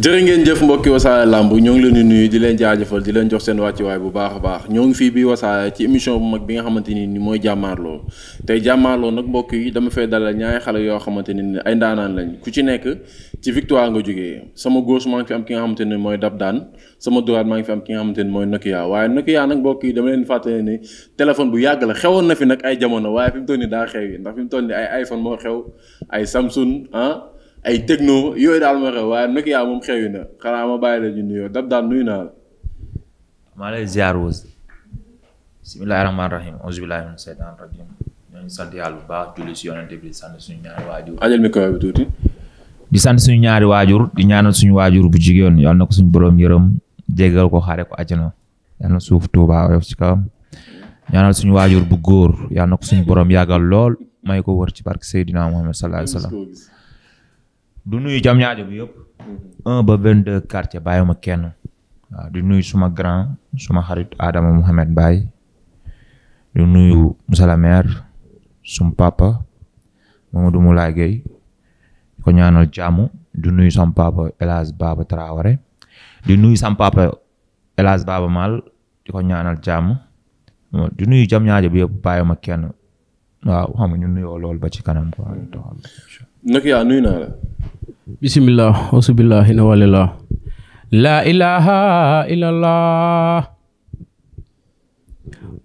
jëre ngeen jëf mbokki wasaare làmb ñoo ngi leen di nuyu di leen jaajëfal di leen jox seen wàccuwaay bu baax a baax ñoo ngi fii bi wasaare ci émission bu mag bi nga xamante ni mooy jàmmaarloo tey jàmmaarloo nag mbokk yi dama fay dalal ñaari xale yoo xamante ni ay ndaanaan lañ ku ci nekk ci victoire nga jógee sama gauche maa ngi nga xamante ni mooy dab daan sama droite maa ngi fi am ki nga xamante ni mooy Nokia waaye Nokia nag mbokk yi dama leen fàttali ni téléphone bu yàgg la xewoon na fi nag ay jamono waaye fi mu toll ni daa xew yi ndax fi mu toll ni ay iPhone moo xew ay Samsung ah ay techno yooyu daal ma xew waaye Nokia moom xewi na xanaa ma bàyyi la ñu nuyoo dab daal nuyu naa la. maa lay ziar wos. bismillaahi rahmaani rahiim auzu billaahi mina seytaani rajiim sant yàlla bu julli si yonent bi sant suñu ñaari waajur. ajal mi kaw bi tuuti. di sant suñu ñaari waajur di ñaanal suñu waajur bu jigéen yal na ko suñu borom yërëm jéggal ko xaare ko àjjana yal na suuf tuuba oyof ci kawam ñaanal suñu waajur bu góor yal na ko suñu borom yàggal lool may ko wër ci barke Seydina Muhammad sallallahu alayhi du nuyu jam ñaajo bi yëpp. Mm-hmm. ba ba vingt deux quartier bàyyiwuma kenn. waaw di nuyu suma grand suma xarit Adama Mohamed Baye di nuyu monsieur le maire sum papa Mamadou Moulaye Gueye ko ñaanal jàmm di nuyu sam papa El Hadj Baba Traoré nuyu sam papa El Hadj Baba ko ñaanal jàmm di nuyu jam ñaajo bi yëpp bàyyiwuma kenn waaw xam nga ñu nuyoo lool ba ci kanam quoi. Mm-hmm. Nokia nuyu naa la. bisimilah asubillahi laa ilaha illallah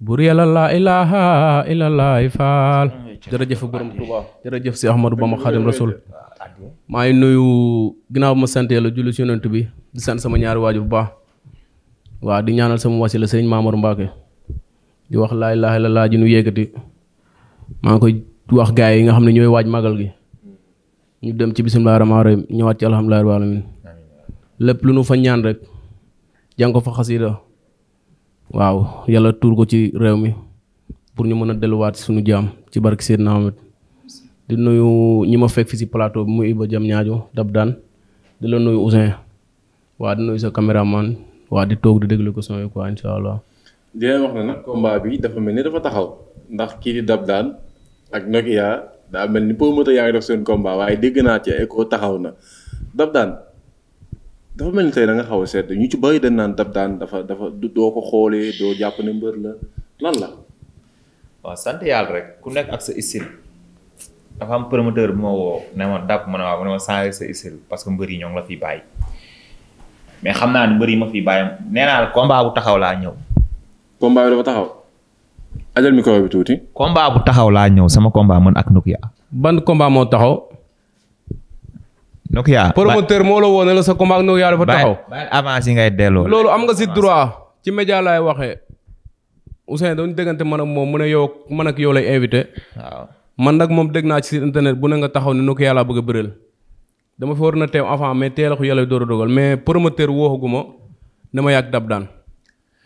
buur yàlla laa ilaha illallah faal jërëjëf borom Tuubaa jërëjëf si Ahmadou Bamba Rasul maa ngi nuyu ginnaaw ma sant yàlla julli si yonent bi di sant sama ñaari waaju bu baax waaw di ñaanal sama wasila sëriñ Maamor Mbacke di wax laa ilaha illallah ji nu yéegati maa ngi koy wax gaay yi nga xam ne ñooy waaj magal gi ñu dem ci bisimilah rahmaan rahim ñëwaat ci alhamdulilah rabbil alamin lépp lu nu fa ñaan rek jàng ko fa xasida waaw yàlla tuur ko ci réew mi pour ñu mën a delluwaat suñu jaam ci barke Seydina Muhammad di nuyu ñi ma fekk fi si plateau bi mu Iba jam ñaajo dab daan di la nuyu Ousin waa di nuyu sa caméraman waa di toog di déglu ko son yi quoi incha allah. di leen wax ne nag combat bi dafa mel ni dafa taxaw ndax kii di dab daan ak Nokia daa mel ni promoteur yaa ngi def seen combat waaye dégg naa ci koo taxaw na dab daan dafa mel ni tey da xaw a sedd ñu ci bëri dañ naan dab daan dafa dafa doo ko xoolee doo jàpp ne mbër la lan la. waaw sant yàlla rek ku nekk ak sa style dafa am promoteur bu ma woo ne ma dab ma ne waaw ma ne ma changé sa style parce que mbër yi ñoo ngi la fi bàyyi mais xam naa ne mbër yi ma fi bàyyi nee naa la bu taxaw laa ñëw. combat bi dafa taxaw. ajal micro bi tuuti. combat bu taxaw laa ñëw sama combat man ak Nokia. ban combat moo taxaw. Nokia. promoteur moo la woon ne la sa combat ak Nokia dafa taxaw. ba avance yi ngay delloo. loolu am nga si droit ci média laay waxee. Ousseyn doon déggante man ak moom mu ne yow man ak yow lay invité. man nag moom dégg naa ci internet bu ne nga taxaw ne Nokia laa bëgg a dama fa war na teew avant mais teel a ko yàlla door dogal mais promoteur wooxaguma dama yàgg dab daan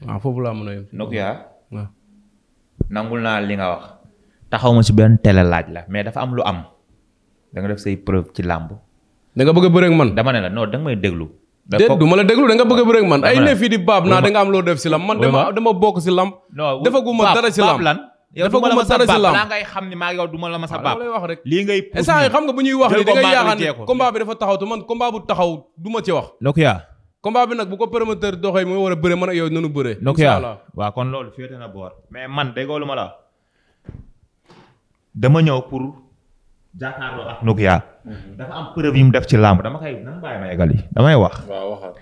waaw foofu laa mën a yem. Nokia. nangul naa li nga wax taxaw ma si benn télé laaj la mais dafa am lu am da nga def say preuve ci làmb da nga bëgg a man dama la non da nga may déglu déet ma la déglu da a bëre ak man ay ne fii di baab naa da nga am loo def si làmb man dama dama bokk si làmb defaguma dara si làmb dafa gu ma dara si làmb laa ngay xam ni maa yow du ma la ma sa baab lay wax rek lii ngay xam nga bu ñuy wax ni da ngay yaakaar ne bi dafa taxaw te man combat bu taxaw du ma ci wax loo yaa combat bi nag bu ko promoteur doxee mooy war a bëre man ak yow noonu bëre. donc yaa waaw kon loolu féete na boor. mais man déggoo lu ma la dama ñëw pour jàkkaarloo mhm. am preuve yu mu def ci làmb dama koy wax. waaw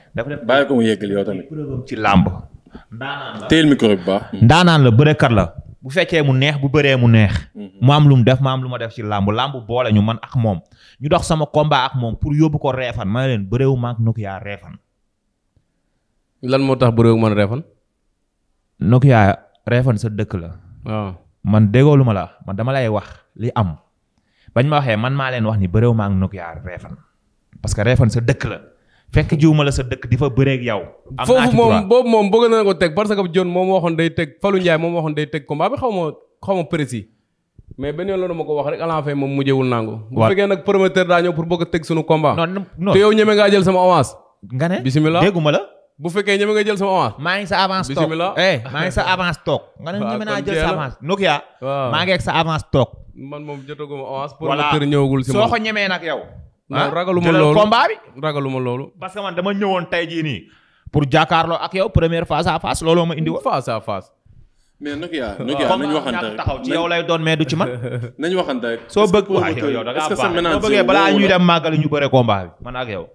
ci làmb. ndaanaan la teel micro hmm. la bu fekkee mu neex bu bëree mu neex. Hmm. mu am lu mu def ma am lu ma def ci làmb làmb boole ñu man ak moom ñu dox sama combat ak moom pour yóbbu ko reefan ma leen bëreewu ma ak reefan lan moo tax bëreewu man reefan. Nokia reefan sa dëkk la. waaw man déggoo lu ma la man dama lay wax li am bañ ma waxee man maa leen wax ni bëreewu ma ak Nokia reefan parce que reefan sa dëkk la. fekk jiwuma la sa dëkk di fa bëreeg yow. am foofu moom boobu moom bëgg na ko teg parce que John moom waxoon day teg Fallou Ndiaye moom waxoon day teg combat bi xaw ma xaw ma précis mais benn yoon la ma ko wax rek à la fin moom mujjewul nangu. bu fekkee nag promoteur daa ñëw pour bëgg a teg sunu combat. non non te yow sama avance. nga ne bisimilah dégguma la. bu fekkee ñeme nga jël sama avance. maa ngi sa avance toog bisimilah eh maa ngi sa avance toog. nga ne ñeme naa jël sa avance Nokia. waaw maa ngi ak sa avance toog. man si soo ko ñemee nag yow. ah ragaluma loolu combat bi ragaluma loolu. parce que man dama ñëwoon tey jii nii. pour jàkkaarloo ak yow première face à face looloo ma indi woon. face mais Nokia Nokia nañu waxante taxaw ci yow lay doon mais du ci man. nañu waxante rek. soo bëgg waaye yow da ngaa baax soo bëggee balaa ñuy dem màggali ñu bëre combat bi man ak yow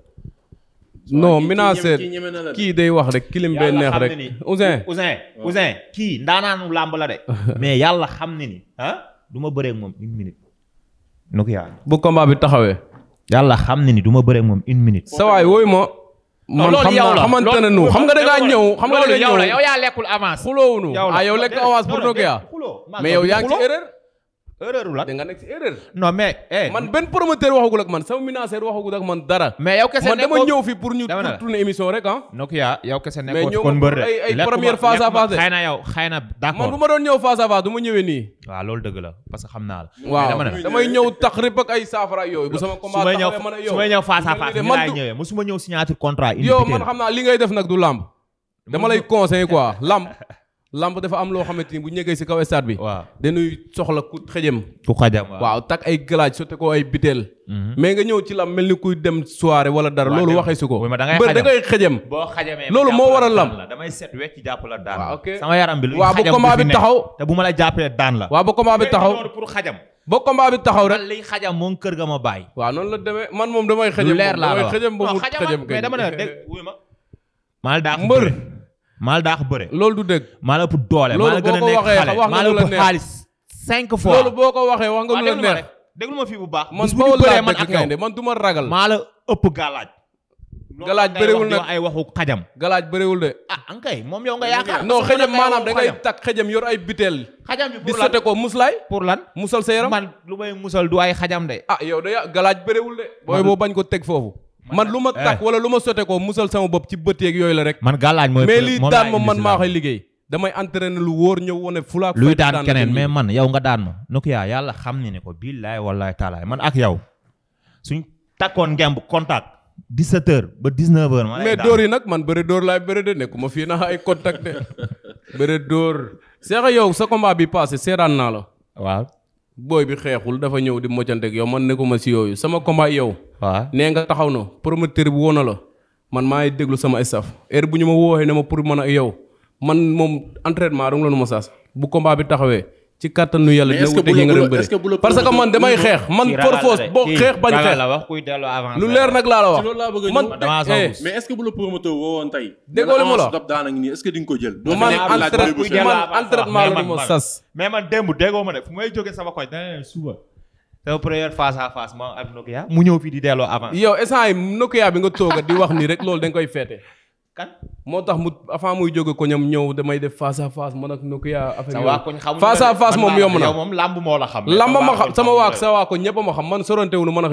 non Minassèr kii day wax rek kilim bay neex rek Ouzin Ouzin kii ndaanaanu làmb la de mais yàlla xam ne ni ah du ma moom une minute nu ko yaa bu combat bi taxawee yàlla xam ne ni du ma bëreeg moom une minute sa waay wooyu ma man xam naa nga da ñëw xam nga da ñëw yow yaa lekkul ah yow lekk avance pour Nokia mais yow yaa ngi ci erreur la da nga nekk si erreur. non mais. Eh, man benn promoteur waxagul ak man sama ministère waxagul ak man dara. mais yow kese dama ñëw fi pour ñu. dama tourner émission rek ah. donc yaa yow kese nekkoon man bu ma doon ñëw face à face du ma ñëwee nii. waaw loolu dëgg la parce xam naa la. waaw damay ñëw tax ak ay saafara yooyu. bu sama combat taxawee man ak yow su ma ñëw face à face. man man xam naa li ngay def nag du lamb. dama lay conseiller quoi lamb dafa am loo xamante ni bu ñëgee si kaw stade bi. waaw dañuy soxla ku xëjëm. ku xajam waaw takk ay galaaj sotte ko ay biteel. Mhm. mais nga ñëw ci lamb mel ni kuy dem soirée wala dara. loolu waxee si ko bër da ngay xëjëm. boo xajamee loolu moo wara lamb. damay set wecc jàpp la daan la. ok sama bi lu xajam bu taxaw. te bu ma la jàppee daan la. waaw ba combat bi taxaw pour xajam. ba combat bi taxaw rek liy xajam moom kër ga ma bàyyi. waaw noonu la deme man moom damay xëjëm. leer laa la wax damay xëjëm ba mu xëjëm kay. mbër maa la daax bëre. loolu du dëgg. maa la ëpp doole maa la gën a nekk xale maa la ëpp xaalis cinq fois boo ko waxee wax nga lu la neex déglu bu baax. man boo laa man ak yow man du ma ragal. maa la ëpp galaaj. galaaj bëriwul nag ay waxu xajam. galaaj bëriwul de. ah ankay moom yow nga yaakaar. non xajam maanaam da ngay takk xajam yor ay biteel. xajam bi pour lan di sote ko pour lan musal sa yaram man lu may musal du ay xajam de. ah yow de galaaj bëriwul de. booy boo bañ ko teg foofu. man eh. lu ma takk wala lu ma sote ko musal sama bopp ci bëteeg yooyu la rek. man gàllaaj mooy mais lii daan ma man maa koy liggéey. damay entraîné lu wóor ñëw wane fulaak. luy daan keneen mais man yow nga daan ma. Nokia yàlla xam ne ne ko bii billaay wallaay taalaay man ak yow suñ takkoon ngemb contact. di h ba 19h. ma mais dóor nag man bëri dóor laay bëri de ma fii na ay contact de bëri dóor. Cheikh yow sa combat bi passé seeraan naa la. waaw. booy bi xeexul dafa ñëw di moccanteeg yow man ma si yooyu sama combat yow. waaw nee nga taxaw na promoteur bi woo na la man maa ngi déglu sama saf heure bu ñu ma wooxee ne ma pour man ak yow man moom entraînement rek la nu ma saas bu combat bi taxawee. ci kàttanu yàlla dina wute gi nga doon bëri parce que man damay xeex man forfoos boo xeex bañ xeex lu leer nag laa la wax man mais est-ce que bu la promoteur woowoon tey déggoo li ma la wax nii est di nga ko jël man entraînement la ma sas mais man démb déggoo ma ne fu may jógee sama koñ dana suba sama première face à mu ñëw fii di delloo avant yow instant yi Nokia bi nga tooga di wax nii rek loolu da koy feete kan moo tax mu avant muy jóge ko ñam ñëw damay def face à face man ak Nokia affaire yooyu face à face moom yomb na moom làmb moo la xam làmb ma xam sama waa sa waa ko ñëpp a ma xam man sorantewunu man a ma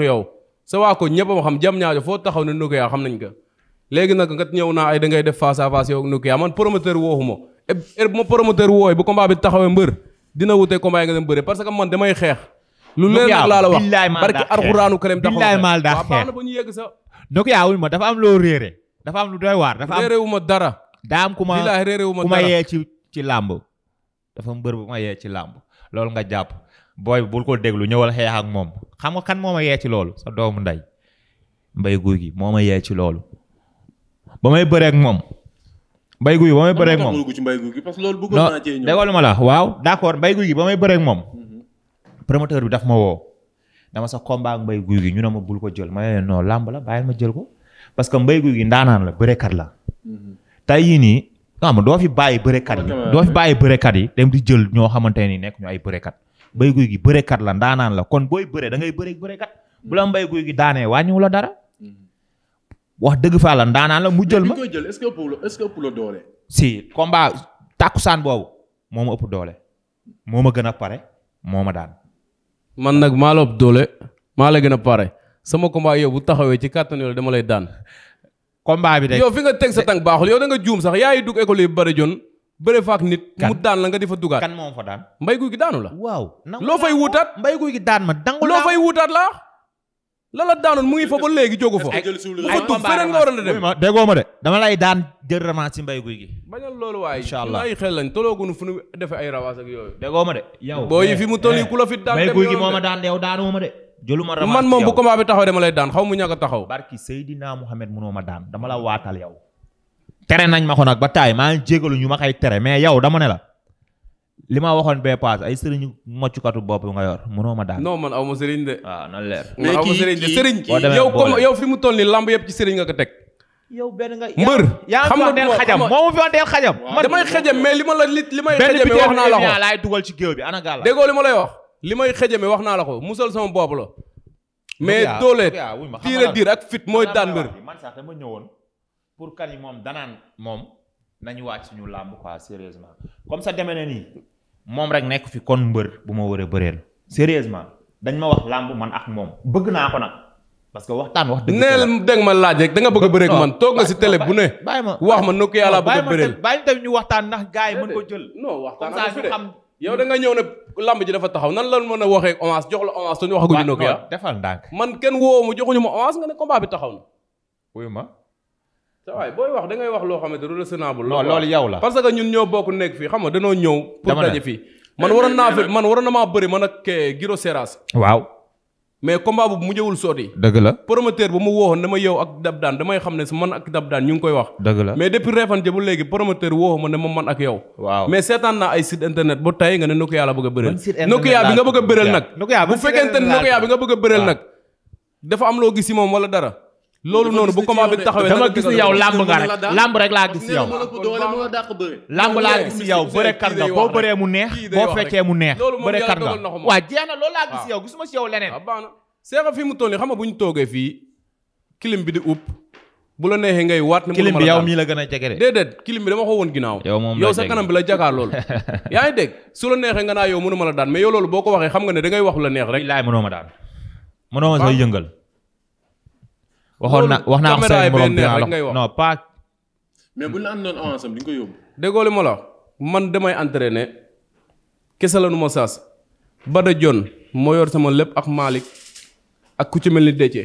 da xeex lu leen nag laa la wax barki arxuraanu karim taxaw billaay dafa am loo réere dafa am lu doy waar dafa am réerewuma dara. daa ku ma bilaay réerewuma dara ku ma yee ci ci làmb. dafa mbër bu ma yee ci làmb loolu nga jàpp booy bul ko déglu ñëwal xeex ak moom xam nga kan moo a yee ci loolu sa doomu ndey mbay guy gi moo ma yee ci loolu ba may bëreek ak moom mbay guy ba may bëree ak moom déggoolu ma la waaw d'accord mbay guy gi ba may bëree moom mhm. promoteur bi daf ma woo dama sa combat ak mbay guy gi ñu ne ma bul ko jël ma ne non làmb la bàyyil ma jël ko parce que Mbaye Gouy Gui ndaanaan la bërekat la. Mhm. tey yii nii xam nga doo fi bàyyi bërekat yi bàyyi bërekat yi dem di jël ñoo xamante ne nekk ñu ay bërekat Mbaye gi Gui bërekat la ndaanaan la kon booy bëree dangay ngay bëree kat bu la Mbaye Gouy Gui daanee wàññiwu la dara. Mhm. wax dëgg faa la ndaanaan la mu jël ma koy jël est-ce que doole. si combat tàkkusaan boobu moo ma ëpp doole moo ma gën a pare moo ma daan. man nag maa la ëpp doole maa la gën a pare sama combat yow bu taxawee ci kàttan yow dama lay daan. combat bi de. yow fi nga teg sa tànk baaxul yow da nga juum sax yaay dugg école yi bëri joon bëre faak nit. mu daan la nga di fa dugaat. kan moo fa daan. mbay guy gi daanu la. waaw loo fay wutaat. mbay guy gi daan ma dangu loo fay wutaat la la la daanoon mu ngi fa ba léegi jógu fa. ay ay combat nga waroon a dem. déggoo ma de dama lay daan jël revanche ci mbay guy gi. bañal loolu waaye. incha allah ay xel lañ tolooguñu fu ñu defee ay rawaas ak yooyu. ma yow boo yi fi mu toll eh. ku la fi jëluma revanche man moom bu combat bi taxaw dama lay daan xaw mu ñàkk a taxaw. barki Seydina Mohamed munoo ma daan dama la waatal yaw tere nañ ma ko nag ba taay maa ngi jégalu ñu ma koy tere mais yow dama ne la li ma waxoon bee paas ay sëriñu moccukatu bopp nga yor munoo ma daan. non man aw ma sëriñ de. waaw ah, na leer. mais kii sëriñ yow fi mu toll nii lamb yëpp ci sëriñ ko teg. yow benn nga. mbër xam nga del xajam moomu fi del xajam. man damay xajam mais li ma la li may. xajam wax naa la dugal ci géew bi ana gàll. déggoo li ma lay wax li may xejame wax naa la ko musal sama boobu la. mais doole tiire diir ak fit mooy daan mbër. man sax dama pour kan yi moom danaan moom nañu wàcc suñu làmb quoi sérieusement comme sa demee na nii moom rek nekk fi kon mbër bu ma war a bëreel sérieusement dañ ma wax làmb man ax moom bëgg naa ko nag parce que waxtaan wax dëgg neel dégg ma laaj rek da nga bëgg a bëreeg man toog nga si télé bu ne bàyyi ma wax ma nokku yàlla bëgg a bëreel bàyyi ma tamit ñu waxtaan ndax gars yi mën ko jël non waxtaan comme ça ñu yow da nga ñëw ne lamb ji dafa taxaw nan lan mën a waxee avance jox la avance suñu waxaguñu noo ko yaa defal ndànk man kenn woo ma joxuñu ma avance nga ne combat bi taxaw na wuyu sa waay booy wax da ngay wax loo xamante du raisonnable non loolu yow la parce que ñun ñoo bokk nekk fii xam nga danoo ñëw pour daje fii man waroon naa fi man waroon na maa bëri man ak eh, Guiro Seras waaw mais combat bu mujjewul soo dëgg la promoteur bu mu woowoon dama yow ak dab daan damay xam ne si man ak dab daan ñu ngi koy wax. dëgg la mais depuis Réfane ba léegi promoteur woo ma ne ma man ak yow. waaw mais seetaan naa ay site internet ba tey nga ne Nokia la bëgg a bëreel. Nokia bi nga bëgg a bëreel nag. bu fekkente ne Nokia bi nga bëgg a bëreel nag. dafa am loo gis si moom wala dara. loolu noonu bu combat bi taxawee dama gis yow làmb nga rek làmb rek laa gis yow làmb laa gis yow bëre kat nga boo bëree mu neex boo feccee mu neex bëre kat nga waa jeex na loolu laa gis yow gisuma si yow leneen ah, seexa fi mu toll nii xam nga bu ñu toogee fii kilim bi di upp bu la neexee ngay waat ne kilim bi yow mii la gën a jege kilim bi dama ko woon ginnaaw yow sa kanam bi la jakaar loolu yaa ngi dégg su la neexee nga naa yow mënuma la daan mais yow loolu boo ko waxee xam nga ne da wax la neex rek mënoo ma daan mënoo ma sax yëngal waxoon na wax naa ko say morom dinaa la non pas. mais bu ñu la andiloon avance am di nga ko yóbbu. déggoo li ma la man damay entraîner kese lanu ma sas Bada John moo yor sama lépp ak Malick ak ku ci mel ni Déthié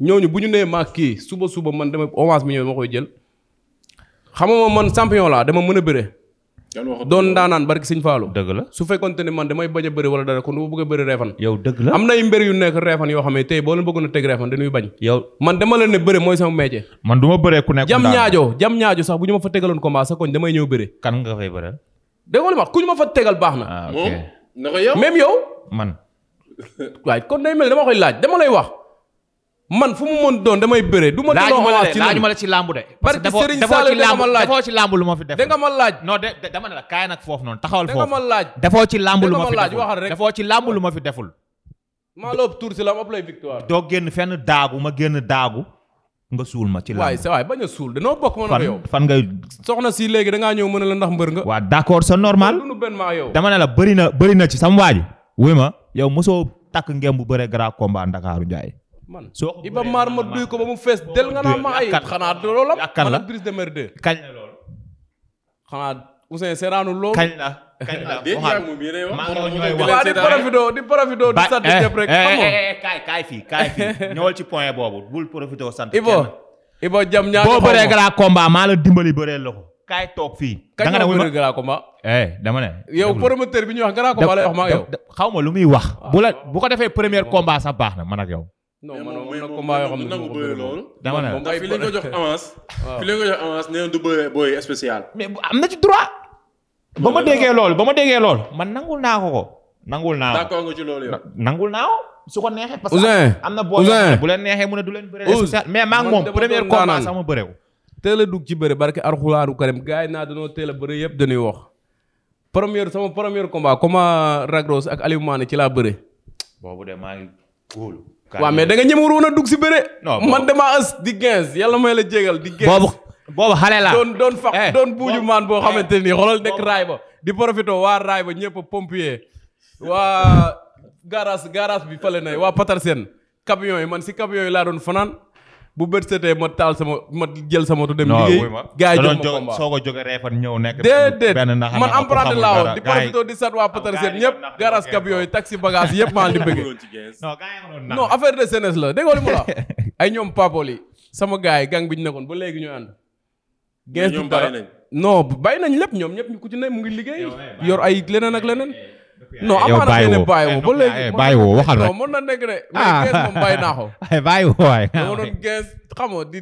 ñooñu bu ñu nee maa kii suba suba man dama avance bi ñëw ma koy jël xam nga man champion laa dama mën a bëre. doon ndaanaan barki sëñ Fallou dëgg la su fekkonte ne man damay bañ a bëri wala dara kon du ma bëgg reefan yow dëgg la am na ay yu nekk reefan yoo xam ne tey boo leen bëggoon a teg reefan dañuy bañ yow man dama leen ne bëri mooy sama métier man du ma bëree ku nekk jam ñaajo jam ñaajo sax bu ñu ma fa tegaloon combat sa koñ damay ñëw bëri kan nga fay bëri dégg nga wax ku ñu ma fa tegal baax na ah, même yow man waaye kon day mel dama koy laa dama lay wax man fu mu mën doon damay bëree. du ma doon wax ci laaj ma la ci làmb de. parce que defoo ci làmb lu ma fi def. da nga laaj non de dama ne la kaay nag foofu noonu taxawal foofu. ma laaj defoo ci làmb lu ma fi deful defoo ci làmb lu ma deful. maa la ëpp tuur la ma ëpp lay victoire. doo génn fenn daagu ma génn daagu. nga suul ma ci làmb waay sa waay bañ a suul danoo bokk ma ne yow fan nga soxna si léegi dangaa ñëw mën a la ndax mbër nga. waa d'accord sa normal dama ne la bëri na bëri na ci sama waa ji. wuy ma yow mosoo takk ngem bu bëree grand combat Ndakaaru Ndiaye man soo Iba Mar ma duy ko ba mu fees del nga naa ma ay xanaa loolu la man ak Brise de Mer kañ la loolu xanaa Ousseyn seeraanu loolu kañ la kañ la di profitoo di profitoo di sant eh, rek eh, xamoo eh, kaay kaay fii kaay fii ñëwal ci point boobu bul profitoo sant Ibo Ibo jam ñaar boo bëree grand combat bëree la ko kaay toog fii da nga ne dama ne yow promoteur bi ñuy wax grand combat lay xaw ma lu muy wax bu la ah. bu ko defee premier ah. combat sax baax na man ak yow non man moom nag combat yoo xam mais am na ci droit. ba ma déggee loolu ba ma déggee loolu man nangul naa ko ko. nangul naa ko d'accord ci loolu yow. naa su ko neexee. parce que am na boo bu leen neexee mu ne du leen bëre mais maa ngi moom première combat sax ma bëre ko. teel a dugg ci bëre barke Alxuraanu Karim gars yi naa dañoo teel bëre yëpp dañuy wax. première sama première combat comme Ragros ak Aliou Mané ci laa bëre. boobu de maa ngi góolu waaw mais da nga ñëmewul a dugg si bëre. man damaa as di 15 yàlla may la jégal di. 15 boobu boobu xale la doon doon fa eh, doon buuju maan boo eh, xamante ni xoolal dëkk raay ba. di profité waa raay ba ñëpp pompier waa garage garage bi fële na waa Patar Sène camion yi man si camion yi laa doon fanaan. bu bët setee ma taal sama ma jël sama tu dem. liggéey gars yi jox ma combat soo ko jóge reefan ñëw nekk. déedéet man emprunté laa woon di profité di sat waa Petersen ñëpp. garas kab yooyu taxi bagage yëpp maa di bëgg. non affaire de senes la déggoo li mu la ay ñoom papoli sama gars yi gang bi ñu nekkoon ba léegi ñooy ànd. gens non bàyyi nañ lépp ñoom ñëpp ku ci ne mu ngi liggéey eh, yor ay leneen ak leneen. Eh. non amaana xëy na bàyyi woo ba léegi bàyyi woo waxal rek mën na nekk de mais gees moom bàyyi naa ko bàyyi woo waay dama doon gees xam nga di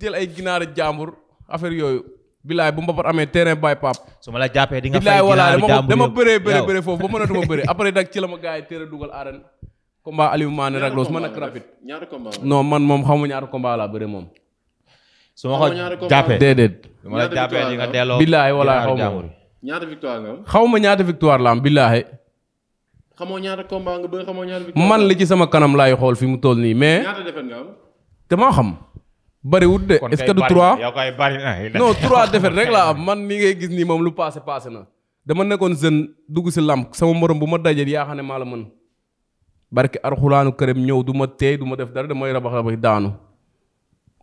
jël ay ginaari jàmbur affaire yooyu bilaay bu mbapat amee terrain bay pap su ma la jàppee di nga fay ginaari jàmbur dama bëree bëree bëree foofu ba mënatuma bëree après nag ci la ma gars yi téere dugal arène combat Aliou Mané rek loolu su ma nekk rapide ñaari combat non man moom xamu ñaari combat laa bëri moom su ma ko jàppee déedéet su ma la jàppee di nga delloo bilaay walaay xaw ma ñaata victoire xaw ma ñaata victoire la am billaahi. xamoo ñaata combat nga bëri xamoo man li ci sama kanam laay xool fi mu toll nii mais. ñaata défaite xam. bariwut de est-ce que du 3 non rek laa am man mi ngay gis nii moom lu passé passé na. dama nekkoon jeune dugg si làmb sama morom bu ma dajee yaa xam ne maa la mën. barke arxulaanu këram ñëw du ma teey du ma def dara damay rabax rabax daanu.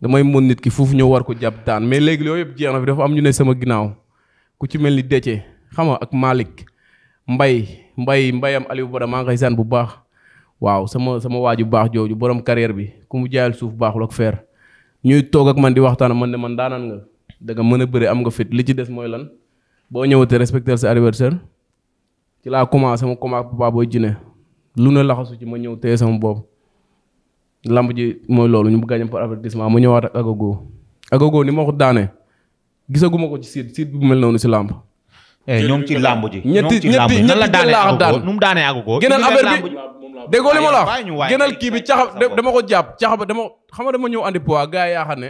damay mën nit ki foofu ñëw war ko jàpp daan mais léegi loolu yëpp jeex na fi dafa am ñu ne sama ginnaaw. ku ci mel ni Déthié xam nga ak Malick Mbay Mbay Mbayam Aliou Bada maa ngi koy sant bu baax waaw sama sama waaju baax jooju borom carrière bi ku mu jaayal suuf baax baaxul ak feer ñuy toog ak man di waxtaan man ne man daanaan nga danga mën a bëri am nga fit li ci des mooy lan boo ñëwatee respecter sa anniversaire ci laa commencé sama commencé papa booy jine lu ne laxasu ci ma ñëw téye sama bopp lamb ji mooy loolu ñu gàñam par avertissement mu ñëwaat ak agogo gisaguma ko ci siit siit bu mel noonu si làmb. Eh, ñoom ci làmb ji. ñetti ñetti ñetti daan laa daan nu mu daanee àgg ko. gënal affaire bi déggoo li ma la wax kii bi caxa dama ko jàpp caxa ba dama xam nga dama ñëw andi poids gars yi yaa xam ne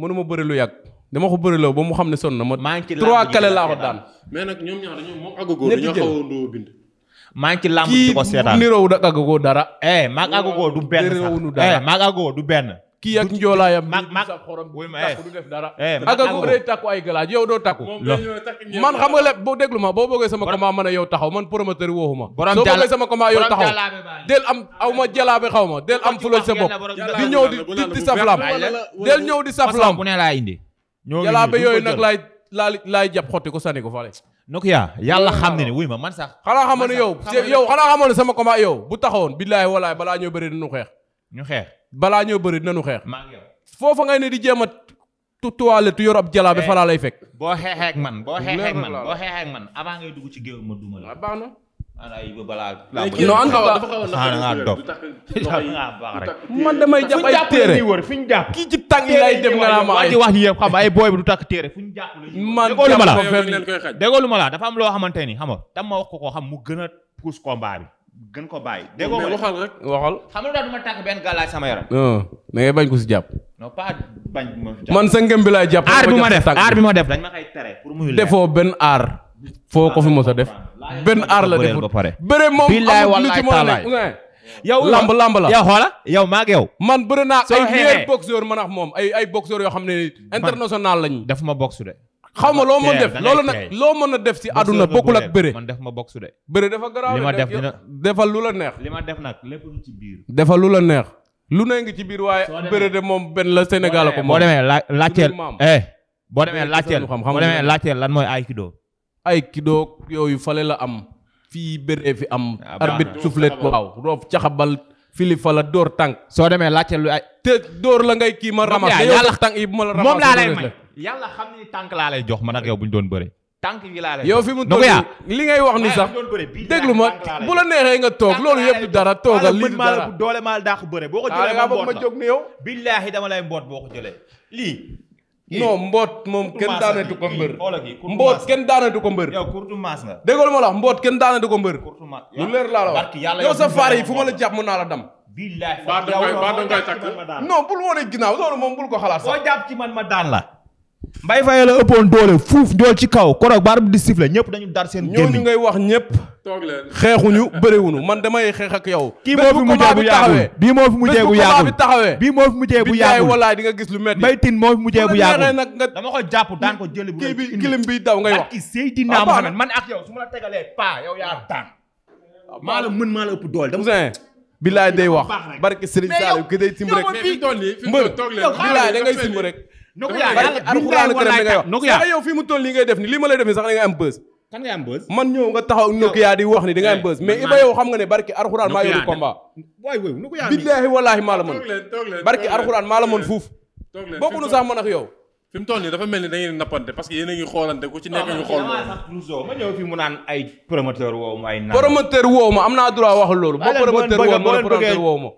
mënuma bërilu lu yàgg dama ko bëriloo ba mu xam ne sonn na ma. maa ngi ci trois kale laa daan. mais nag ñoom ñaar dañoo moom àggagoo dañoo xaw a ndoo ko seetaan kii dara. eh maa àggagoo du du benn kii ak njoolaayam. mag mag xorom wuy ma ak ak ay galaaj yow doo takku. man xam nga lépp boo déglu ma boo bëggee sama combat man a yow taxaw man promoteur woowu ma. soo bëggee sama combat yow taxaw del am aw ma jalaabe xaw ma del am fulal sa bopp di ñëw di di saflam del ñëw di saflam jalaabe yooyu nag laay laay laay jàpp xotti ko sànni ko fale Nokia yàlla xam ne ne wuy ma man sax xanaa xamoon ne yow yow xanaa xamoon ne sama combat yow bu taxawoon billaahi walaay balaa ñëw bëri ñu xeex ñu xeex balaa ñoo bëri dinañu xeex. foofu ngay ne di jéem a tu toilette yor ab jalaabe eh, fa lay fekk. boo xeexee man boo xeexee ak man boo xeexee man avant ngay dugg ci géew ma duma ah, baax na. man damay jàpp ay téere kii ci tàng yi lay dem nga naa ma ay wax ji yëpp xam ay booy bi du takk téere fuñ jàpp man déggoo lu ma la dafa am loo xamante ni xam nga ma wax ko koo xam mu gën a pousse combat gën ko bàyyi. déggoo ma waxal rek waxal. xam nga ma tàkk benn gàllaaj sama yaram. non da bañ ko si jàpp. non pas bañ man sa ngëm bi laay jàpp. aar bi ma def bi ma def dañ ma koy pour muy defoo benn aar. foo ko fi mos def. benn aar la defut bëre moom amul lu ci mën a nekk. yow lamb lamb la yow xoola yow maag yow. man bëri naa ay meilleur boxeur man moom ay ay boxeur yoo xam ne international lañu. daf ma boxe de. xaw ma loo mën def loolu nag loo mën a def ci àdduna bokkul ak bëre man def ma box de. bëre dafa garaaw li ma def defal lu la neex. li ma def nag lépp lu ci biir. defal la neex. lu ne ngi ci biir waaye. bëre de moom benn la Sénégal ko moom. boo demee la laajteel eh. boo demee laajteel boo demee laajteel lan mooy aikido. aikido yooyu fale la am. fii bëree fi am. Ah, arbitre soufflet ko waaw roof caxabal. fili fa la dóor tànk. soo demee laajteel lu ay. te dóor la ngay kii ma ramas. moom laa lay may yàlla xam ni tànk laa lay jox man ak yow bu ñu doon bëre. tànk yi laa yow fi mu toll li ngay wax ni sax déglu ma bu la neexee nga toog loolu yëpp dara toogal li dara daax bëre boo ko jëlee ma mboot la jóg ni yow billaahi dama boo ko jëlee lii non mboot moom kenn daanatu ko mbër mboot kenn daanatu ko mbër yow kurtu maas nga déglu ma la wax mboot kenn daanatu ko mbër lu leer laa la wax yow sa faar yi fu ma la jàpp mën naa la dam billaahi baa dangay takk non bul wone ginnaaw loolu moom bul ko xalaat sax boo jàpp ci man ma daan la mbay Faye la ëppoon doole fuuf njool ci kaw koroog baar di sifle ñëpp dañu dar seen. gémmiñ ñooñu ngay wax ñëpp. toog leen xeexuñu bëriwuñu man damay xeex ak yow. kii moo fi mujjee bu yaagul bii moo fi mujjee bu yaagul bii moo fi mujjee bu yaagul bi walaay di nga gis lu metti. Mbaye Tine moo fi mujjee bu yaagul dama ko jàpp daan ko jëli bu bi kilim bi daw ngay wax ak Seydina ah, Mohamed man ak yow su ma la tegalee paa yow yaa ah. daan ah, maa la mën maa la ëpp doole dama bilaay day wax barke Serigne Saliou ki day simb rek mbër bilaay da ngay simb rek Nokia Nokia yow fii mu toll nii ngay def ni lii ma lay def ni sax da ngay am buzz kan ngay am eh, maa yoru combat waay waay Nokia billaahi wallaahi maa la mën barki sax man ak yow fi mu dafa mel ni da nappante parce que a ngi xoolante ku ci nekk ñu xool ah, mu naan ay ma ay naan promoteur woowu ma am naa droit wax loolu.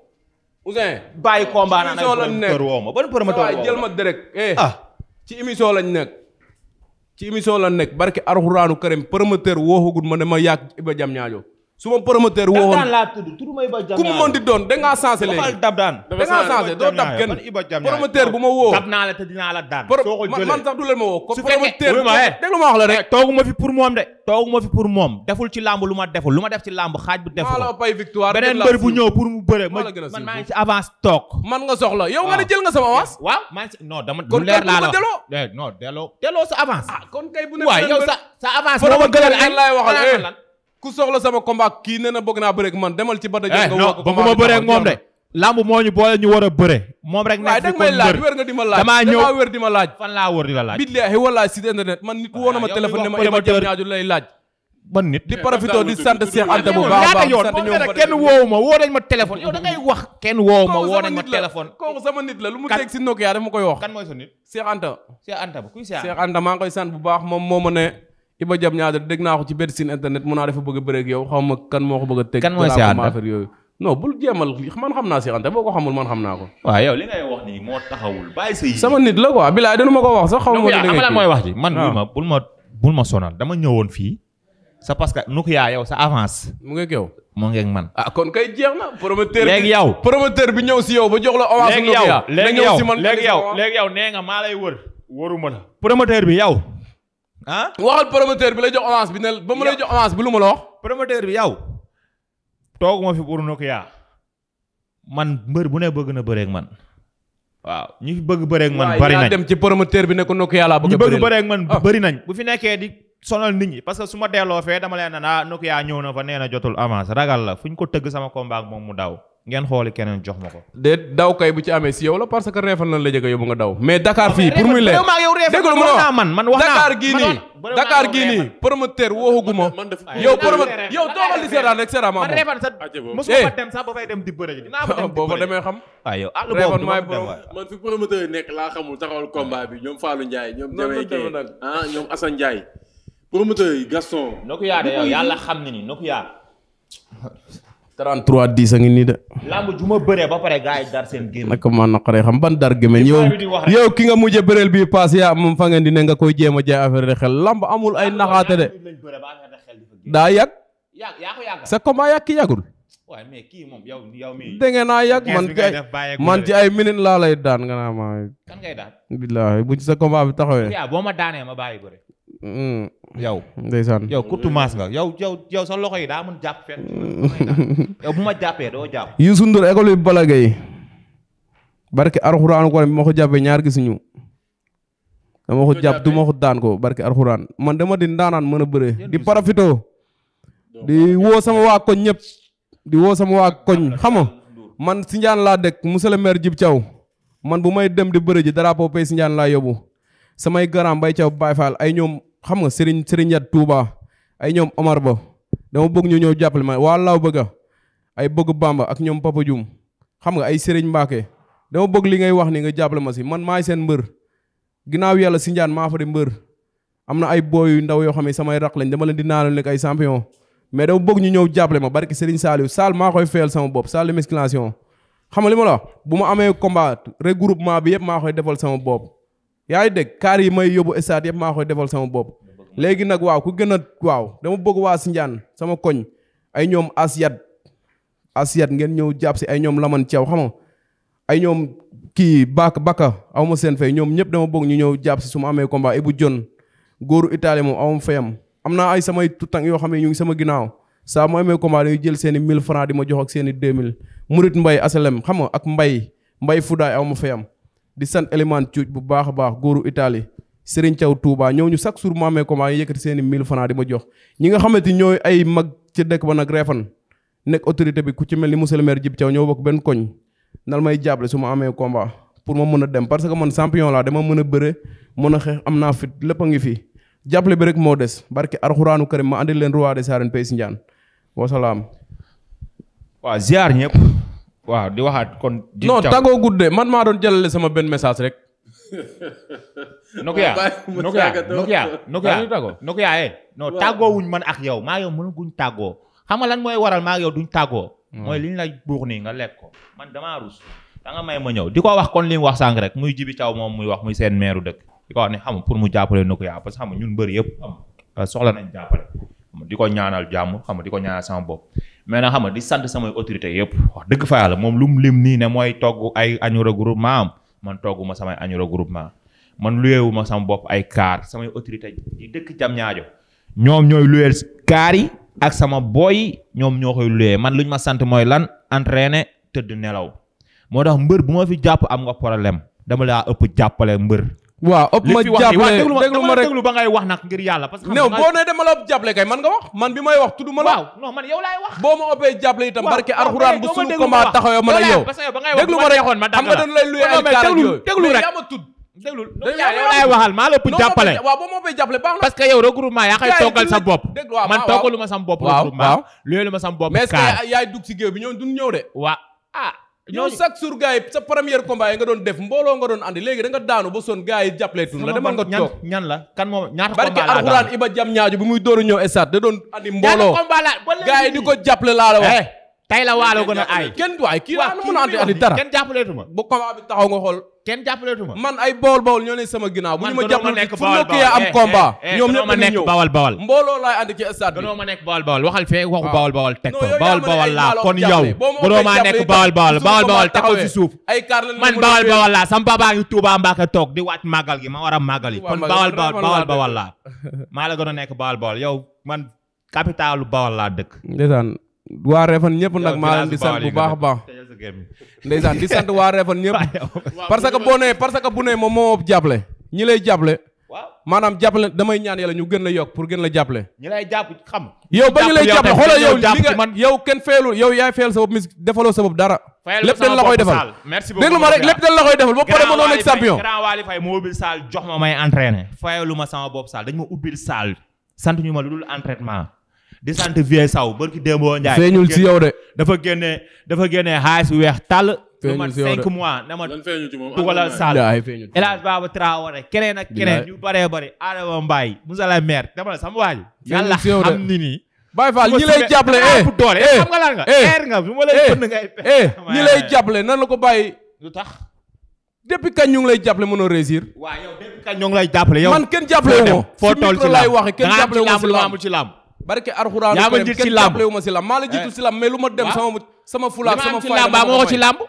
Ouzin bàyyi combat naa émission lañ nekk ban promoteur woo ma jël ma direct eh. ah ci émission lañ nekk. ci émission lañ nekk barke Alxuraanu Karim promoteur wooxagul ma ne ma yàgg Iba Jam ñaajo su ma promoteur woo woon ku mu mën di doon da ngaa sensé léegi dab daan da ngaa sensé doo dab kenn promoteur bu ma woo dab naa la te dinaa la daan man sax du leen ma woo su fekkee eh. déglu ma wax la rek eh, toogu ma fi pour moom de toogu ma fi pour moom deful ci làmb lu ma deful lu ma def ci làmb xaaj bu def la pay victoire beneen mbër bu ñëw pour mu bëre ma man maa ngi ci avance toog man nga soxla yow nga ne ah. jël nga sama avance eh, waaw maa ngi ci non dama lu leer laa la non delloo delloo sa avance ah, kon kay bu ne waaw yow sa sa avance moo ma gënal ay laay waxal ku soxla sama combat kii nee na bëgg naa bëreeg man demal ci ba daje. nga eh, war a bëre. moom rek nekk ci ko laaj laaj damaa ñëw wér di ma laaj. internet man nit woon na ma ah, di sant Cheikh bu baax a ma moom ma ne Iba Jam ñaata dégg naa ko ci benn site internet mun naa dafa bëgg a bëreeg ma kan moo ko a teg kan mooy si ànd affaire yooyu non bul jéemal man xam naa si ante boo ko xamul man xam naa ko waaw yow sa yi sama nit la quoi bilaay dañu ma ko wax sax xaw ma la mooy wax ji man ko ah. yaa yow sa avance man ah kon kay jeex na promoteur léegi yow promoteur bi ñëw si yow ba nee nga maa lay wër wëruma la promoteur bi yow ah waxal promoteur bi la jox avance bi ne ba mu lay jox avance bi lu ma la wax. promoteur bi yaw toogu ma fi pour Nokia. man mbër bu ne bëgg na bëreeg man. waaw ñu bëgg bëreeg man. bari nañ dem ci bi ne ko Nokia laa bëri ñu bëgg bëreeg man ah. nañ. bu fi nekkee di sonal nit ñi parce que su ma delloo fee dama leen ne ah Nokia ñëw na fa nee na jotul avance ragal la fu ñu ko tëgg sama combat moom mu daw. ngeen xooli keneen jox ma ko. de daw kay bu ci amee si yow la parce que reefal na la jëga yow nga daw mais Dakar fii pour muy leer dégg ma man man wax naa Dakar gii nii Dakar gii nii yow promoteur yow toogal di seetaan rek seetaan maa moom mosuma eh. sax ba fay dem di bëre boo fa demee xam waaw ah, yow àll boobu maay man fi promoteur yi nekk laa xamul taxawal combat bi ñoom Fallou Ndiaye ñoom Jamaye Gueye ah ñoom Assane Ndiaye promoteur yi Gaston Nokuya de 33 10 a ngi nii de. làmb ba pare gars yi dar seen gémmiñ. naka maa naqaree xam ban dar gémmiñ yow yow ki nga mujj bëreel bii paas yaa moom fa ngeen di ne nga koy jéem a jaay affaire de xel làmb amul ay naxaate de. daa yàgg. sa combat yàgg ki yàggul. waaye mais kii moom yow yow mii. dégg naa yàgg man kay man ci ay minute laa lay daan nga naa ma. kan ngay daan. billaahi bu ci sa combat bi taxawee. yaa Mm. yow. ndeysaan yow kurtu maas nga yow yow yi daa ma jàppee doo jàpp. Youssou Ndour école bi Balla Gaye barke arxuraan ko bi ma ko jàppee ñaar gisuñu. dama ko jàpp du ma ko daan ko barke arxuraan man dama di ndaanaan mën a bëre di parafito. di woo sama waa koñ ñëpp. di woo sama waa koñ xam man si njaan laa dëkk monsieur le maire Djib Thiaw man bu may dem di bëre ji drapeau si njaan laa yóbbu samay garam bay Thiaw Baye Fall ay ñoom. xam nga sëriñ sëriñ Yat Touba ay ñoom Omar Ba dama bëgg ñu ñëw jàppale ma waa Law bëgga ay bëgg Bamba ak ñoom Papa Dioum xam nga ay sëriñ Mbacke dama bëgg li ngay wax ni nga jàppale ma si man maay seen mbër ginnaaw yàlla si njaan maa fa di mbër am na ay booy yu ndaw yoo xam ne samay raq lañ dama leen di naanal nekk ay champion mais dama bëgg ñu ñëw jàppale ma barki Serigne Saliou Sall maa koy fayal sama bopp saal de musculation xam nga li ma la bu ma amee combat regroupement bi yëpp maa koy defal sama bopp yaa ngi dégg kaar yi may yóbbu stade yëpp maa koy sama bopp léegi nag waaw ku gën a waaw dama bëgg waa Sinjaan sama koñ ay ñoom Asiat Asiat ngeen ñëw jàpp si ay ñoom Laman ceew xam ay ñoom kii bak bakka aw ma seen fey ñoom ñëpp dama bëgg ñu ñëw jàpp si su ma amee combat Ibou jon góoru Italie moom awam fayam am naa ay samay tutang yoo xam ne ñu ngi sama ginnaaw saa mu amee combat dañuy jël seen i 1000 francs di ma jox ak seen i 2000 Murit Mbay asalem xam nga ak Mbay Mbay Fudaay aw ma fayam di sant Elimane Cuuj bu baax baax góoru itaali Serigne Thiaw Touba ñëw ñu chaque jour mu amee combat yi yëkkati seeni i 1000 francs di ma jox ñi nga xamante ñooy ay mag ci dëkk ba nag reefan nekk autorité bi ku ci mel ni monsieur le maire Djib Thiaw ñoo bokk benn koñ nal may jàppale su ma amee combat pour ma mën a dem parce que mën champion laa dama mën a bëre mën a xeex am naa fi lépp a ngi fi jàppale bi rek moo des barke arxuraanu karim ma andil leen roi des arènes Pay Sindiane wasalaam. waa ziar waaw di waxaat kon. non tàggoo gudde man maa doon jëlale sama benn message rek. Nokia Nokia Nokia Nokia Nokia eh. non tàggoo wuñ man ak yow maa yow mënu guñ tàggoo xam nga lan mooy waral maa yow duñ tàggoo. Hmm. mooy liñ la buux nii nga lekk ko man damaa rus. da may ma ñëw di ko wax kon li wax sànq rek muy jibi caw moom muy wax muy seen meeru dëkk di ko wax ne xam pour mu jàppalee Nokia parce que xam ñun bëri yëpp am soxla nañ jàppale di ko ñaanal jàmm xam di ko ñaanal sama bopp maintenant xam nga di sant samay autorité yëpp wax dëgg fa yàlla moom lu mu lim nii ne mooy togg ay añu regroupement am man togguma samay añu regroupement man luyeewu ma sama bopp ay kaar samay autorité yi dëkk jam ñaajo ñoom ñooy luyeel kaar yi ak sama boy ñoom ñoo koy luyee man lu ma sant mooy lan entraîner tëdd nelaw moo tax mbër bu ma fi jàpp am nga problème dama laa ëpp jàppale mbër waaw ëpp ma jàppale déglu ma rek ba ngay wax nag ngir yàlla parce boo ne dama la ëpp ma la waaw non man boo ma ëppee jàppale itam barke alxuraan bu suñu combat taxawee ma la yow déglu ma rek xam waxal maa la ëpp jàppale waaw boo ma ëppee jàppale baax que yow regroupement yaa koy toggal sa bopp man toggalu ma sam bopp regroupement lu ma sam bopp mais yaay dugg si géew bi ñoom duñ ñëw de waa ah. ñoo chaque jour gars yi sa première combat yi nga doon def mbooloo nga doon andi léegi da nga daanu ba son gars yi jàppaleetul la demal nga toog ñan la kan moom Iba Jam ñaaju bu muy dooru ñëw estat da doon mbooloo gars di ko jàppale laa la wax eh, tey la waalo gën a aay kenn waay kii la laa mën a andi andi dara kenn jàppaleetu ma bu combat bi taxaw nga xool kenn jàppaleetuma man ay bool bool ñoo ne sama ginnaaw bu ñu ma jàppale fu nekk yaa am eh, eh, combat eh, ñoom ñëpp ma nekk bawal bawal mbooloo laay nekk bawal bawal waxal fee waxu bawal bawal teg ko bawal bawal laa kon maa ngi Tuubaa Mbàkke toog di wàcc màggal gi ma war a màggal yi kon bawal bawal bawal bawal laa la gën a nekk bawal bawal yow man capitalu bawal laa dëkk ndeysaan ñëpp nag maa leen di sant baax baax game ndeysaan di sant waa Refane ñëpp parce que boo nee parce que bu nee moom moo jàppale ñi lay jàppale maanaam jàppale damay ñaan yàlla ñu gën la yokk pour gën la jàppale ñi lay jàpp xam yow ba ñu lay jàppale xoolal yow li nga yow defaloo sa bopp dara lépp dañ la koy defal déglu ma rek lépp dañ la koy defal ba pare mënoo nekk champion grand Wally Faye moo ubbil saal jox ma may entraîné fayalu sama bopp saal dañ ma ubbil saal sant ñu ma lu dul entraînement di sant Vieux saw barki Demba Ndiaye. feeñul si yow de. dafa génne dafa génne xaalis bu weex tàll. lu mat cinq mois ne ma dugalal Sall El Hadj Baba Traoré keneen ak keneen ñu baree bari Adama mbaay Moussa la maire dama la sama waa ji yàlla xam ni nii Baye Fall ñi lay jàppale eh, eh, eh, eh ñi lay jàppale nan la ko bàyyi lu tax depuis kañ ñu ngi lay jàppale mënoo réussir waaw yow depuis kañ ñu ngi man kenn jàppale wu ma foo toll ci làmb ci làmb barke arxuraan yaa ma njëkk ci làmb wu ma si làmb maa la jiitu si eh. làmb mais lu ma dem sama sama fulaa sama moo ko ci làmb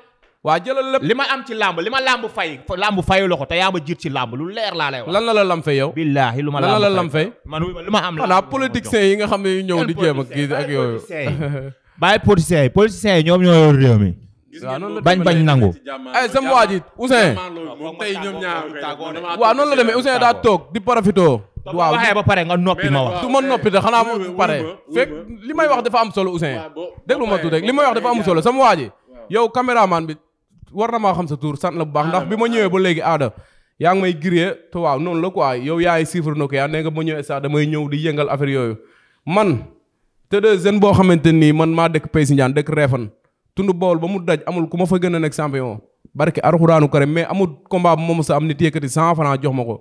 waa jëlal lépp li ma am ci làmb li ma làmb fay làmb fayu la ko te yaa ma jiit ci làmb lu leer laa la wax lan la la lam fay yow lan la la lam fay man li ma yi nga xam ne ñu ñëw di jéem ak kii ak yi politiciens yi ñoom ñoo réew mi bañ bañ nangu. ay eh, sama waa ji Ousseyn tey la demee Ousseyn daa toog di profito waaw waxee ba pare nga noppi ma ma noppi de xanaa ma pare fekk li may wax dafa am solo Ousseyn déglu ma tuuti rek li may wax dafa am solo sama waa ji yow caméraman bi war na maa xam sa tur sant la bu baax ndax ah, bi ma ñëwee ba léegi aada yaa ngi may grillé te waaw noonu la quoi yow yaay chiffre no ko yaa ne nga ma ñëwee sax di yëngal affaire yooyu man te de jeune boo xamante nii man maa dëkk Paysi Ndiane dëkk Réfane tund bool ba mu daj amul ku ma fa gën a nekk champion barke Alxuraanu Karim mais amul combat bu ma a nit yëkkati cent franc jox ko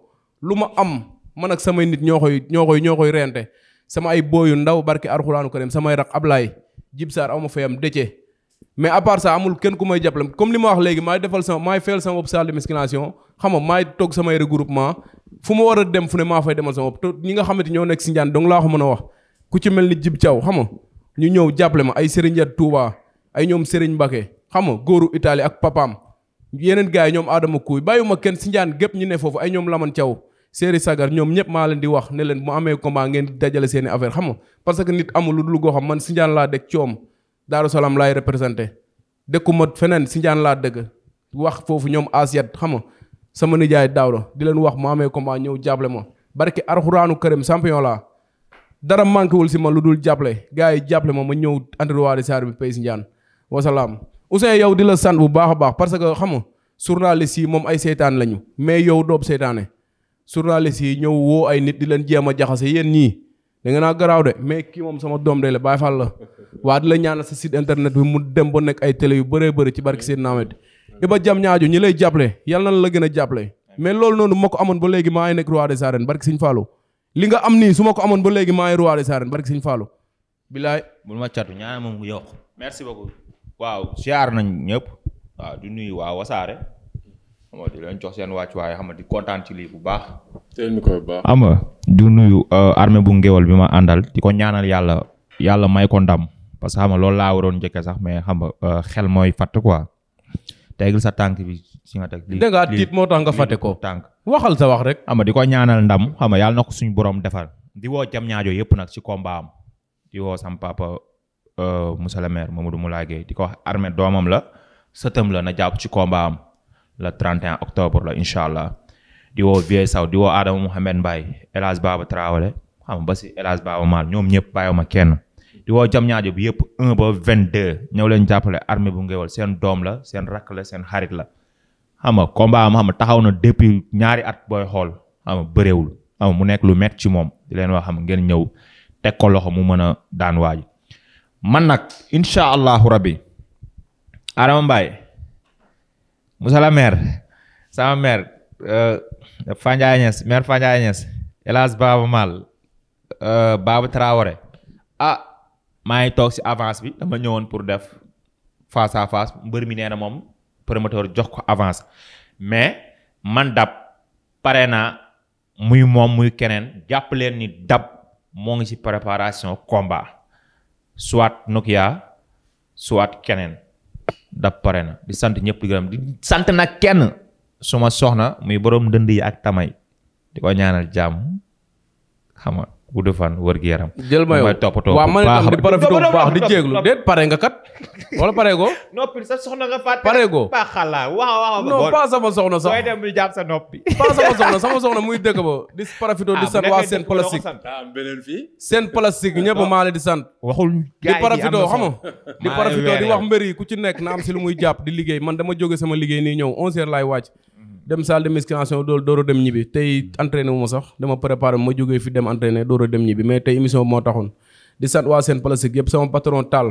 lu ma am man ak samay nit ñoo koy ñoo koy ñoo koy rente sama ay booyu ndaw barki arxuraanu karim samay raq Ablaay Jib Saar aw ma fayam dëcce mais à part ça amul kenn ku may jàppale comme li ma wax léegi maay defal sama maay fayal sama bopp salle de musculation fu ma war a dem fu ne maa fay demal sama bopp te ñi nga xamante ñoo nekk si njaan donc laa a wax ku ci mel ni Jib Thiaw xam nga ñu ñëw jàppale ma ay Serigne Yat Touba ay ñoom Serigne Mbacke xam nga góoru Italie ak papaam yeneen gars yi ñoom Adama Kouy bàyyiwuma kenn si njaan gépp ñu ne foofu ay ñoom Laman Thiaw séeri sagar ñoom ñëpp maa leen di wax ne leen mu amee combat ngeen dajale seen i affaire xam nga parce que nit amul lu dul goo xam man Sindiane laa dëkk coom Daaru Salaam laay représenté dëkkuma feneen Sindiane laa dëgg wax foofu ñoom Asiat xam nga sama nijaay daaw la di leen wax mu amee combat ñëw jàppale ma barke arxuraanu këram champion laa dara manqué wul si ma lu dul jàppale gars yi jàppale ma ma ñëw andiwaale saar bi pay Sindiane wasalaam Ousseyn yow di la sant bu baax a baax parce que xam nga journaliste yi moom ay seytaan lañu mais yow doob seytaane journaliste yi ñëw woo ay nit di leen jéem a jaxase yéen ñii da nga naa garaaw de mais kii moom sama doom de la Baay Faal la waa di la ñaanal sa site internet bi mu dem ba nekk ay télé yu bëree bëri ci barki seen nawet Iba Jam ñaajo ñi lay jàppale yàlla na la gën a jàppale mais loolu noonu ma ko amoon ba léegi maa ngi nekk roi des arènes barki Sëñ Fallou li nga am nii su ma ko amoon ba léegi maa ngi roi des arènes barki Sëñ Fallou bilaay bul ma catu ñaan moom yokk merci beaucoup waaw siyaar nañ ñëpp du nuyu waa wasaare xam nga di leen jox seen wàccuwaay waaye nga di kontaan ci lii bu baax. seen micro bu du nuyu euh, armée bu ngéwal bi ma àndal di ko ñaanal yàlla yàlla may ko ndam parce que xam loolu laa waroon njëkkee sax mais xam nga euh, xel mooy fàtt quoi. tegal sa tànk bi si nga teg. lii moo tax nga fàtte ko tànk. waxal sa wax rek. xam di ko ñaanal ndam xam nga yàlla na ko suñu boroom defar di woo jam ñaajo yëpp nag si combat am di woo sam papa euh, monsieur le maire Mamadou Moulaye Gueye di ko wax armée doomam la sëtam la na jàpp ci combat am le 31 octobre la incha allah di woo Vieux Sow Adama Mouhamed Mbaye El Hadj Baba xam nga ba si El Hadj Baba Mal ñoom ñëpp bàyyiwuma kenn. di woo jam ñaajo bi yëpp 1 ba 22 ñëw leen jàppale armée bu Ngéweul seen doom la seen rakk la seen xarit la xam nga combat am xam taxaw na depuis ñaari at booy xool xam nga bëreewul xam mu nekk lu métti ci moom di leen wax xam ngeen ñëw teg ko loxo mu mën a daan waaj man nag incha allahu rabbi Adama Mbaye Moussa la maire sama maire euh, Fandiaye Niass maire Fandiaye Niass El Hadj Baba Mal euh, ah maa ngi toog ci avance bi dama ñëwoon pour def face à mbër mi nee na moom promoteur jox ko avance mais man dab pare naa muy moom muy keneen jàpp leen ni dab moo ngi si préparation combat soit Nokia soit keneen. dab pare na di sant ñëpp di gërëm di sant nag kenn suma soxna muy borom ndënd yi ak tamay di ko ñaanal jàmm xam nga gudd fan wër gi yaram. jël ma yow may toppatoo waaw man itam di profité bu baax di jéeglu déet pare nga kat wala pare go. noppi sa soxna nga fàtte. pare go ba xalaat waaw waaw. sama soxna sa noppi. pas sama soxna sama soxna muy dëkk ba di profité di ah, sant waa seen plastique. seen plastique ñëpp maa leen di sant. waxul di profité xam nga di profité di wax mbër yi ku ci nekk na am si lu muy jàpp di liggéey man dama jóge sama liggéey nii ñëw 11h laay wàcc. dem salle de musculation doo door a dem ñibbi tey entraîné wu ma sax dama préparé ma jógee fi dem entraîné door a dem ñibbi mais tey émission moo taxoon di sant waa seen plastique yëpp sama patron Tall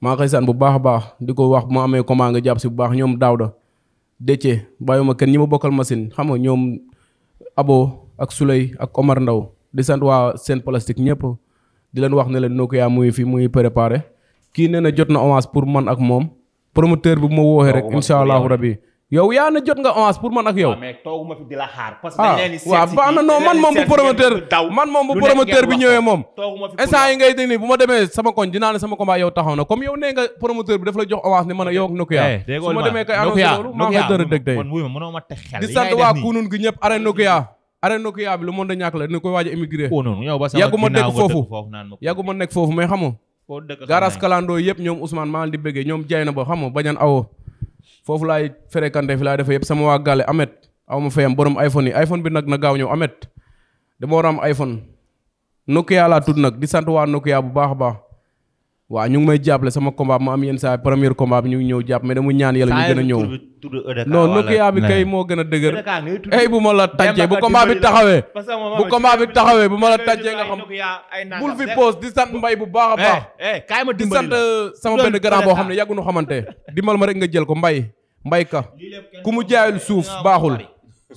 maa sant bu baax a baax di ko wax bu ma amee comment nga jàpp si bu baax ñoom Daouda Décé bàyyuma kenn ñi ma bokkal machine xam nga ñoom aboo ak Souley ak Omar Ndaw di sant waa seen plastique ñëpp di leen wax ne leen noo ko yaa muy fi muy préparé kii nee na jot na avance pour man ak moom promoteur bi bu ma wooxee rek incha allahu rabi yow yaa na jot nga avance pour man ak yow. Ah, ah, waaw mais toogu ma fi na non man moom bu promoteur man moom bu promoteur bi ñëwee moom. toogu yi ngay dégg bu ma demee sama koñ dinaa ne sama combat yow taxaw na comme yow nee nga promoteur bi daf la jox avance ne man a yow ak Nokia. Eh, su ma demee kay annoncé loolu maa ngi dara dëgg tey. di sant bi lu mën da la dina koy waaj a émigré. yàggu ma nekk foofu yàggu nekk foofu mais xam nga. garas kalandoo ñoom foofu laay fréquenté fi laay defee yëpp sama waa gàlle amet aw a fayam borom iphone yi iphone bi nag na gaaw ñëw amet dama war am iphone nokia laa tudd nag di sant waa nokia bu baax a baax waaw ñu ngi may jàppale sama combat ma am yenn saa premier combat bi ñu ngi ñëw jàpp mais dama ñaan yàlla ñu gën a ñëw non Nokia bi kay moo gën a dëgër ay bu ma la tàncee bu combat bi taxawee bu combat taxawee bu ma la tàncee nga xam bul fi pause di sant mbay bu baax a baax eh, eh, di sant euh, sama benn grand boo xam ne yàgguñu xamante dimbal ma rek nga jël ko mbay mbay ka ku mu jaayul suuf baaxul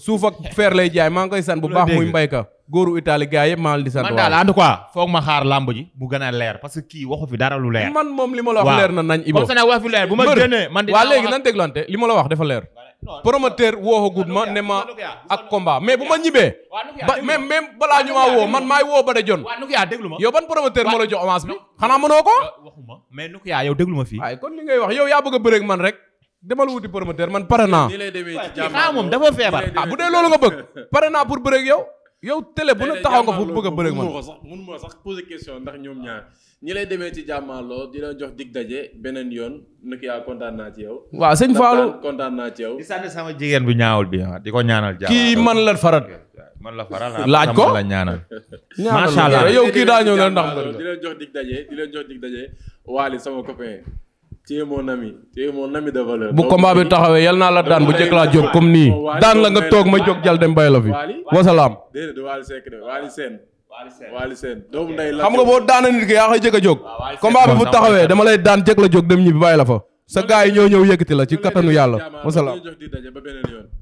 suuf ak feer lay jaay maa ngi koy sant bu baax muy mbay ka góoru Italie gars yëpp maa ngi di sant man daal en tout cas foog ma xaar lamb ji mu gën a leer parce que kii waxu fi dara lu leer. man moom li ma la wax leer na nañ. Ibo comme ça ma génnee man dinaa léegi nan déglante li ma la wax dafa leer. promoteur wooxagut ma ne ma ak combat mais bu ma ñibbee. ba balaa ñu maa woo man maay woo ba da jon. waaw Nokia déglu ma la jox avance bi. xanaa mënoo ko. waxuma mais Nokia yow déglu ma fii. waaye kon li ngay wax yow yaa bëgg a bëreeg man rek. yow télé bu ne eh, taxaw nga fu bëgg a bëre ak man sax mun moo sax poser question ndax ñoom ñaar ñi lay demee ci jàmmaarloo di leen jox dig daje beneen yoon nu ko yaa kontaan naa ci yow. waaw sëñ Fallou kontaan naa ci yow. di sant jigéen bu ñaawul bi di ko ñaanal. jàmm kii man la faral. man la faral laaj ko la ñaanal. macha allah yow kii daa ñëw ne ndax. di lay jox dig daje di leen jox dig daje waali sama copain. tu es mon ami tu es mon bu combat bi taxawee yal naa la daan bu jëkk laa jóg comme nii daan la nga toog ma jóg jal dem bay la fi wasalaam. déedéet Waly Seck de Waly xam nga boo daana nit ki yaa koy jëkk a jóg. combat bi bu taxawee dama lay daan jëkk la jóg dem ñibbi bàyyi la fa. sa gars yi ñoo ñëw yëkkati la ci kattanu yàlla wasalaam.